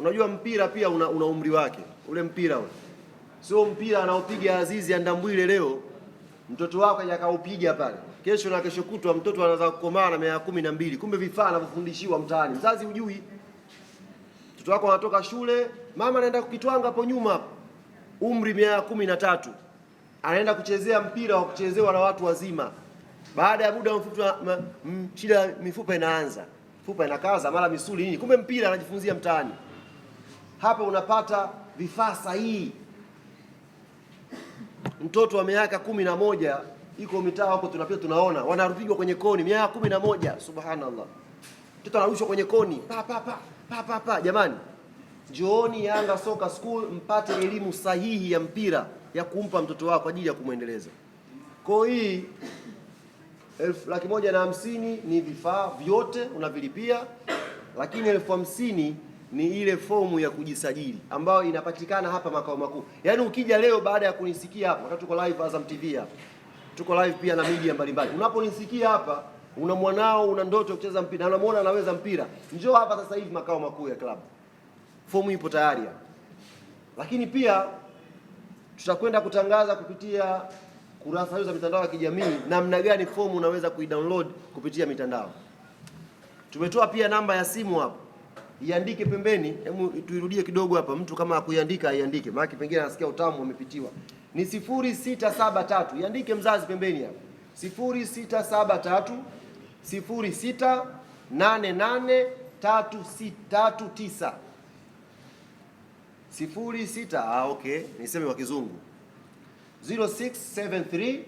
Unajua mpira pia una, una umri wake ule mpira ule. Sio mpira anaopiga Azizi Andambwile leo mtoto wako aje akaupiga pale, kesho na kesho kutwa mtoto anaanza kukomaa na miaka kumi na mbili, kumbe vifaa anavyofundishiwa mtaani mzazi hujui. Mtoto wako anatoka shule, mama anaenda kukitwanga hapo nyuma, umri miaka kumi na tatu, anaenda kuchezea mpira wa kuchezewa na watu wazima. Baada ya muda mfupi, shida mifupa inaanza, mifupa inakaza, mara misuli nini, kumbe mpira anajifunzia mtaani. Hapa unapata vifaa sahihi. Mtoto wa miaka kumi na moja iko mitaa hapo, tunapita tunaona wanarushwa kwenye koni, miaka kumi na moja. Subhanallah, mtoto anarushwa kwenye koni pa, pa, pa, pa, pa, pa. Jamani, njooni Yanga Soka School mpate elimu sahihi ya mpira ya kumpa mtoto wako ajili ya kumwendeleza. Kwa hii elfu laki moja na hamsini ni vifaa vyote unavilipia, lakini elfu hamsini ni ile fomu ya kujisajili ambayo inapatikana hapa makao makuu. Yaani ukija leo baada ya kunisikia hapa, wakati tuko live Azam TV hapa, tuko live pia na media mbalimbali, unaponisikia hapa, una mwanao una ndoto kucheza mpira na unamwona anaweza mpira, njoo hapa sasa hivi makao makuu ya klabu, fomu ipo tayari hapa. Lakini pia tutakwenda kutangaza kupitia kurasa hizo za mitandao ya kijamii namna gani fomu unaweza kuidownload kupitia mitandao. Tumetoa pia namba ya simu hapo iandike pembeni. Hebu tuirudie kidogo hapa, mtu kama akuiandika aiandike, maana pengine anasikia utamu umepitiwa. Ni 0673 iandike mzazi pembeni hapa, 0673 06883639 06 ah, okay, niseme kwa Kizungu 0673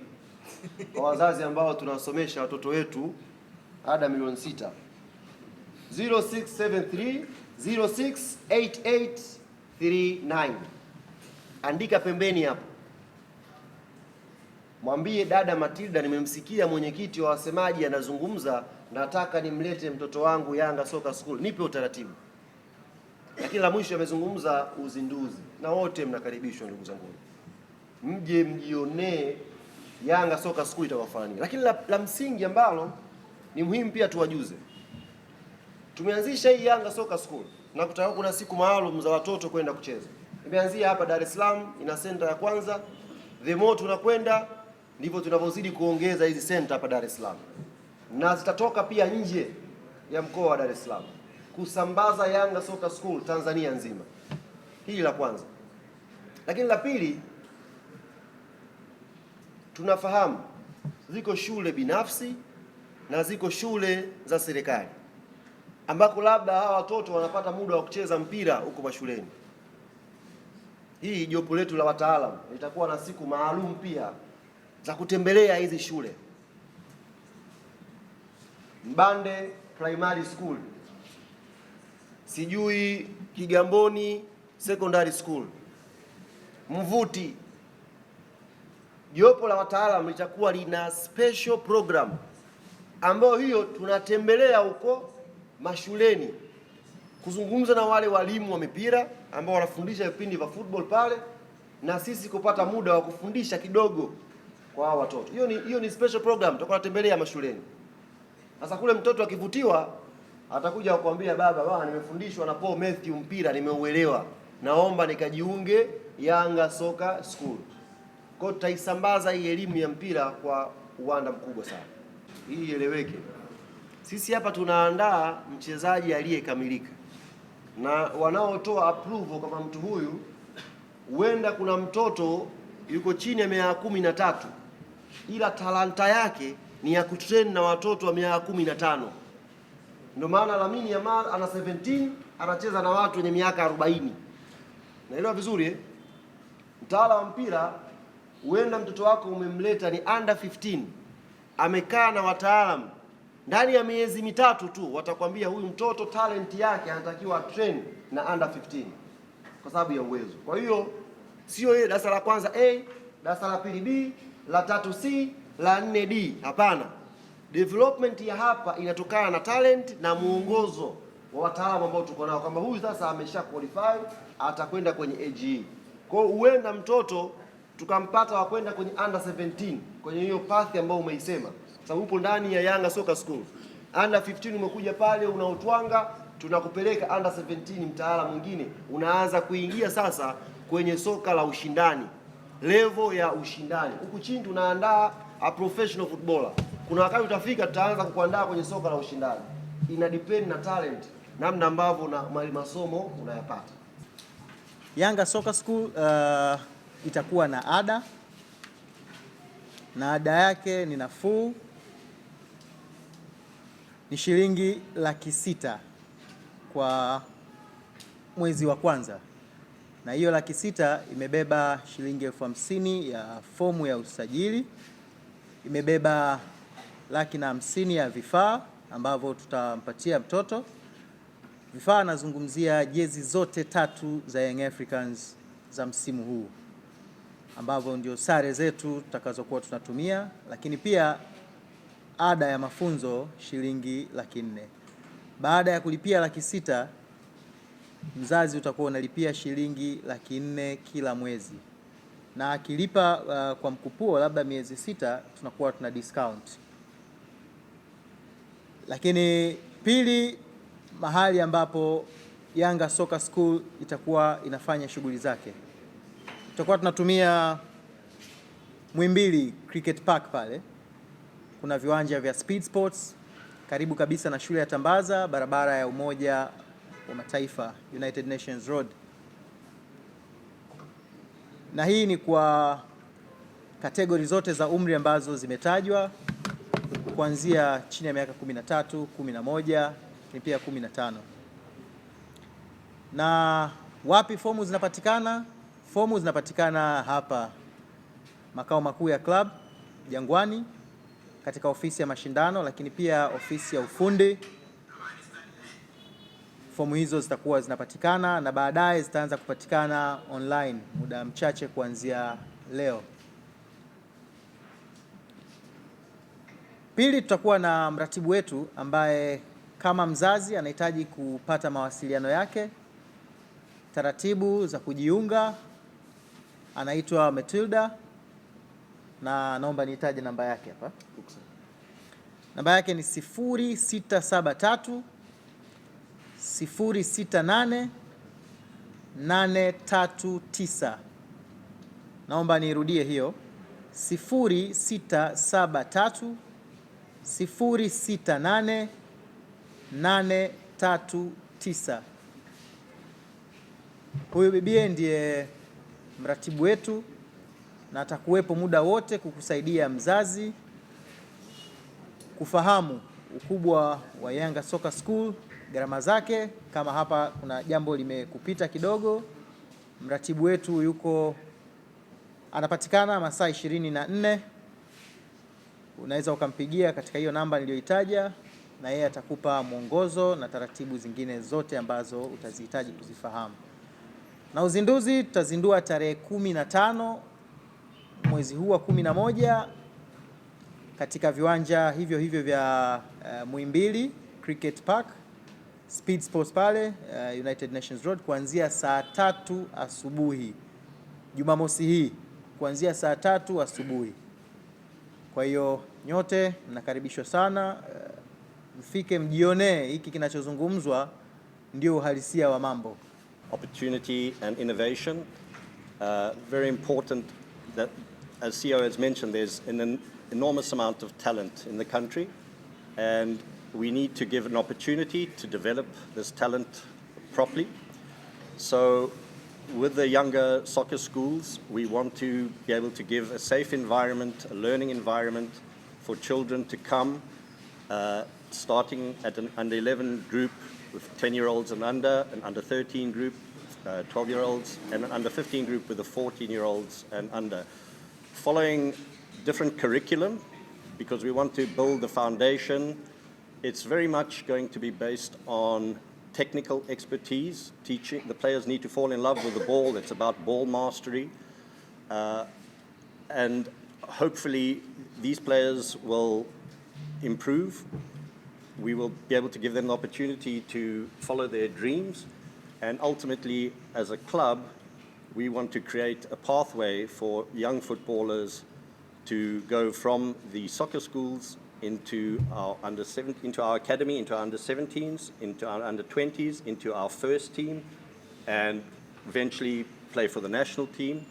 kwa wazazi ambao tunasomesha watoto wetu ada milioni sita. 0673 Andika pembeni hapo, mwambie dada Matilda, nimemsikia mwenyekiti wa wasemaji anazungumza, nataka nimlete mtoto wangu Yanga Soka School, nipe utaratibu. Lakini la mwisho amezungumza uzinduzi, na wote mnakaribishwa ndugu zangu, mje mjionee Yanga Soka School itakuwa Lakini la, la msingi ambalo ni muhimu pia tuwajuze Tumeanzisha hii Yanga Soka School na kutakuwa kuna siku maalum za watoto kwenda kucheza. Imeanzia hapa Dar es Salaam, ina senta ya kwanza. The more tunakwenda ndivyo tunavyozidi kuongeza hizi senta hapa Dar es Salaam, na zitatoka pia nje ya mkoa wa Dar es Salaam kusambaza Yanga Soka School Tanzania nzima. Hili la kwanza, lakini la pili, tunafahamu ziko shule binafsi na ziko shule za serikali ambako labda hawa watoto wanapata muda wa kucheza mpira huko mashuleni. Hii jopo letu la wataalamu litakuwa na siku maalum pia za kutembelea hizi shule. Mbande Primary School, sijui Kigamboni Secondary School, Mvuti. Jopo la wataalamu litakuwa lina special program ambayo hiyo tunatembelea huko mashuleni kuzungumza na wale walimu wa mipira ambao wanafundisha vipindi vya football pale, na sisi kupata muda wa kufundisha kidogo kwa hao watoto. Hiyo ni hiyo ni special program, tutakuwa tunatembelea mashuleni. Sasa kule mtoto akivutiwa atakuja kukuambia, baba, baba, nimefundishwa na Paul Matthew mpira nimeuelewa, naomba nikajiunge Yanga Soka School. Kwa tutaisambaza hii elimu ya mpira kwa uwanda mkubwa sana, hii ieleweke. Sisi hapa tunaandaa mchezaji aliyekamilika, na wanaotoa approval kama mtu huyu, huenda kuna mtoto yuko chini ya miaka kumi na tatu ila talanta yake ni ya kutrain na watoto wa miaka kumi na tano. Ndio maana Lamine Yamal ana 17 anacheza na watu wenye miaka 40. Naelewa vizuri eh? Mtaala wa mpira, huenda mtoto wako umemleta ni under 15 amekaa na wataalamu ndani ya miezi mitatu tu watakwambia huyu mtoto talent yake anatakiwa train na under 15 kwa sababu ya uwezo. Kwa hiyo sio yeye darasa la kwanza A, darasa la pili B, la tatu C, la nne D. Hapana, development ya hapa inatokana na talent na muongozo wa wataalamu ambao tuko nao kwamba huyu sasa amesha qualify atakwenda kwenye AGE. Kwa hiyo huenda mtoto tukampata wakwenda kwenye under 17 kwenye hiyo path ambayo umeisema sababu upo ndani ya Yanga Soccer School. Under 15 umekuja pale unaotwanga, tunakupeleka under 17, mtaala mwingine unaanza kuingia sasa kwenye soka la ushindani, level ya ushindani. Huku chini tunaandaa a professional footballer. Kuna wakati utafika, tutaanza kukuandaa kwenye soka la ushindani. Ina depend na talent, namna ambavyo na mali masomo unayapata. Yanga Soka School uh, itakuwa na ada na ada yake ni nafuu ni shilingi laki sita kwa mwezi wa kwanza, na hiyo laki sita imebeba shilingi elfu hamsini ya fomu ya usajili, imebeba laki na hamsini ya vifaa ambavyo tutampatia mtoto. Vifaa anazungumzia jezi zote tatu za Young Africans za msimu huu ambavyo ndio sare zetu tutakazokuwa tunatumia, lakini pia ada ya mafunzo shilingi laki nne. Baada ya kulipia laki sita, mzazi utakuwa unalipia shilingi laki nne kila mwezi, na akilipa uh, kwa mkupuo labda miezi sita, tunakuwa tuna discount. Lakini pili, mahali ambapo Yanga Soccer School itakuwa inafanya shughuli zake, tutakuwa tunatumia Mwimbili Cricket Park pale kuna viwanja vya Speed Sports karibu kabisa na shule ya Tambaza, barabara ya Umoja wa Mataifa, United Nations Road. Na hii ni kwa kategori zote za umri ambazo zimetajwa kuanzia chini ya miaka 13, 11 ni pia 15. Na wapi fomu zinapatikana? Fomu zinapatikana hapa makao makuu ya club Jangwani katika ofisi ya mashindano, lakini pia ofisi ya ufundi. Fomu hizo zitakuwa zinapatikana na baadaye zitaanza kupatikana online muda mchache kuanzia leo. Pili, tutakuwa na mratibu wetu ambaye kama mzazi anahitaji kupata mawasiliano yake, taratibu za kujiunga, anaitwa Matilda na naomba nihitaje namba yake hapa. Namba yake ni 0673 068 839. Naomba niirudie hiyo 0673 068 839. Huyu bibie ndiye mratibu wetu na atakuwepo muda wote kukusaidia mzazi kufahamu ukubwa wa Yanga Soccer School, gharama zake. Kama hapa kuna jambo limekupita kidogo, mratibu wetu yuko anapatikana masaa ishirini na nne. Unaweza ukampigia katika hiyo namba niliyoitaja, na yeye atakupa mwongozo na taratibu zingine zote ambazo utazihitaji kuzifahamu. Na uzinduzi tutazindua tarehe kumi na tano mwezi huu wa kumi na moja katika viwanja hivyo hivyo vya uh, Muhimbili Cricket Park Speed Sports pale uh, United Nations Road kuanzia saa tatu asubuhi Jumamosi hii kuanzia saa tatu asubuhi. Kwa hiyo nyote mnakaribishwa sana uh, mfike mjionee hiki kinachozungumzwa ndio uhalisia wa mambo. Opportunity and innovation uh, very important that as CEO has mentioned, there's an enormous amount of talent in the country, and we need to give an opportunity to develop this talent properly. So with the younger soccer schools, we want to be able to give a safe environment, a learning environment for children to come, uh, starting at an under 11 group with 10 year olds and under, an under 13 group, uh, 12 year olds, and an under 15 group with the 14 year olds and under following different curriculum because we want to build the foundation. It's very much going to be based on technical expertise, teaching. The players need to fall in love with the ball. It's about ball mastery. Uh, and hopefully, these players will improve. We will be able to give them the opportunity to follow their dreams. And ultimately, as a club, we want to create a pathway for young footballers to go from the soccer schools into our under seven, into our academy, into our under 17s, into our under 20s, into our first team, and eventually play for the national team,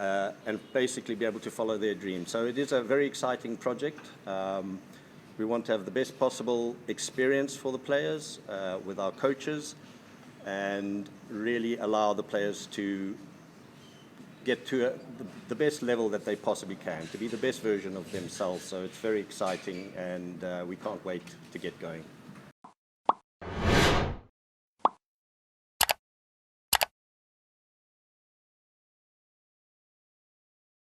uh, and basically be able to follow their dream. So it is a very exciting project. Um, we want to have the best possible experience for the players uh, with our coaches, and really allow the players to get to a, uh, the best level that they possibly can, to be the best version of themselves. So it's very exciting, and uh, we can't wait to get going.